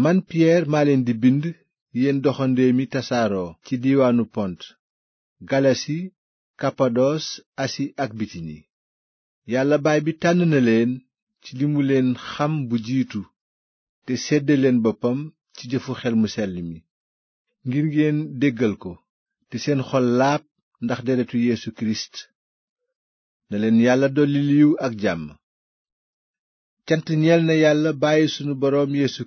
man piyeer maa leen di bind yeen doxandeem mi tasaaroo ci diwaanu pont galasi kapados asi ak bitini yàlla baay bi tànn na leen ci li leen xam bu jiitu te sedde leen boppam ci jëfu xel mu sell mi ngir ngeen déggal ko te seen xol laab ndax deretu Yeesu Kirist na leen yàlla dolli yiw ak jàmm cant sunu boroom Yeesu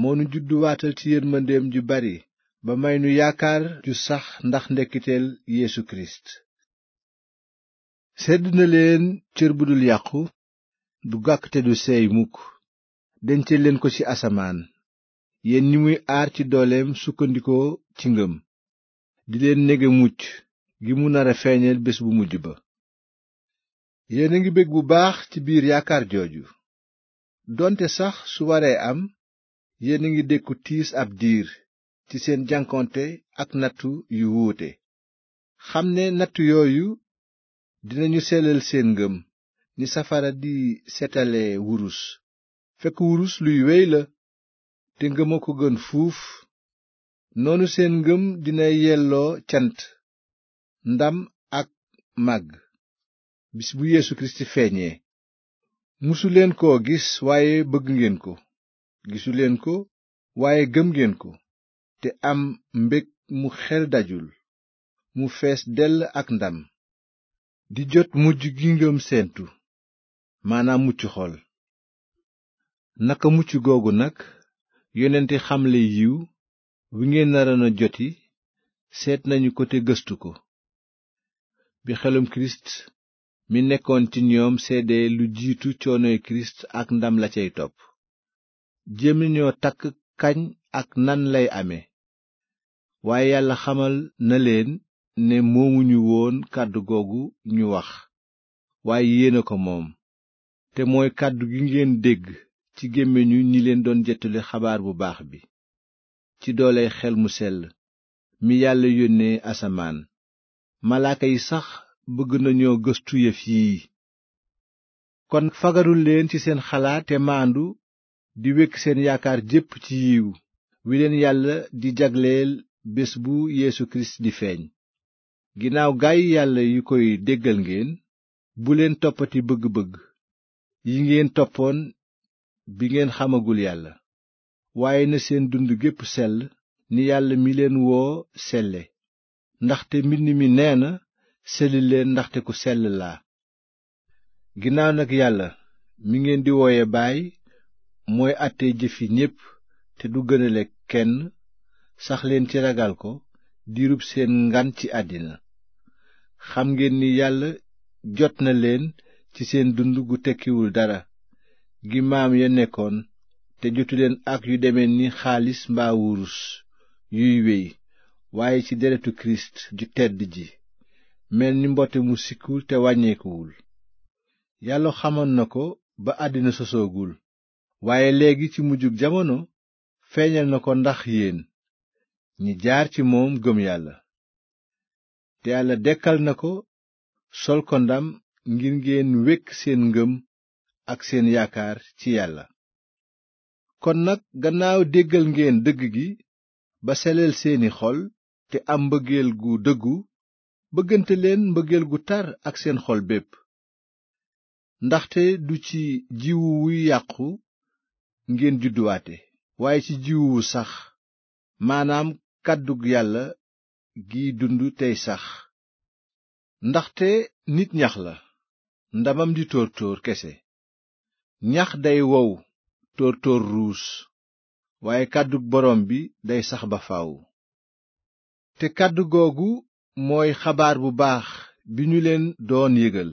moo judduwaatal ci yërmandeem ju bari ba may yaakaar ju sax ndax ndekkiteel Yeesu Kirist sedd na leen cër bu dul yàqu du gàkk te du seey mukk dence leen ko ci asamaan yéen ñi muy aar ci dooleem sukkandikoo ci ngëm di leen nege mucc gi mu nara a feeñal bés bu mujj ba yéen a ngi bég bu baax ci biir yaakaar jooju donte sax su waree am yéen a ngi dékku tiis ab diir ci seen jànkonte ak nattu yu wuute xam ne nattu yooyu dinañu selal seen ngëm ni safara di setale wurus fekk wurus luy wey la te ngëm a ko gën fuuf noonu seen ngëm dina yelloo cant ndam ak màgg bis bu Yeesu Kirist feeñee musuleen koo gis waaye bëgg ngeen ko gisuleen ko waaye gëm ngeen ko te am mbég mu xel dajul mu fees dell ak ndam di jot mujj gi ngëm seentu maanaam mucc xol naka mucc googu nag yonenti xamle yiw wi ngeen narana joti seet nañu ko te gëstu ko bi xelum kirist mi nekkoon ci ñoom seede lu jiitu coonoy kirist ak ndam la cay topp jéem ñoo takk kañ ak nan lay ame waaye yàlla xamal na leen ne moomuñu woon kàddu googu ñu wax waaye yéen a ko moom te mooy kàddu gi ngeen dégg ci gémmiñu ñi leen doon jettali xabaar bu baax bi ci doole xel mu sell mi yàlla yónnee asamaan malaaka yi sax bëgg nañoo gëstu yëf yii di wekk seen yaakaar jépp ci yiw wi leen yàlla di jagleel bés bu yéesu Kirist di feeñ ginnaaw gaay yàlla yi koy déggal ngeen bu leen toppati bëgg-bëgg yi ngeen toppoon bi ngeen xamagul yàlla waaye na seen dund gépp sell ni yàlla mi leen woo selle ndaxte mbind mi nee na selli leen ndaxte ku sell laa ginnaaw mooy àttee jëfi ñépp te du gënale kenn sax leen ci ragal ko diirub seen ngan ci àddina xam ngeen ni yàlla jot na leen ci seen dund gu tekkiwul dara gi maam ya nekkoon te jotu leen ak yu deme ni xaalis mbaa wurus yuy wéy waaye ci deretu kirist ju tedd ji mel ni mbote mu sikkul te wàññeekuwul yàlla xamoon na ko ba àddina sosoogul waaye léegi ci mujjug jamono feeñal na ko ndax yéen ñi jaar ci moom gëm yàlla te yàlla dekkal na ko sol ko ndam ngir ngeen wékk seen ngëm ak seen yaakaar ci yàlla kon nag gannaaw déggal ngeen dëgg gi ba seleel seeni xol te am mbëggeel gu dëggu bëggante leen mbëggeel gu tar ak seen xol bépp ndaxte du ci jiwu wuy yàqu ngeen judduwaate waaye ci jiwu wu sax maanaam kàddu yàlla giy dund tey sax ndaxte nit ñax la ndamam di tóor-tóor kese ñax day wow tóor-tóor ruus waaye kàddu boroom bi day sax ba faw te kàddu googu mooy xabaar bu baax bi ñu leen doon yégal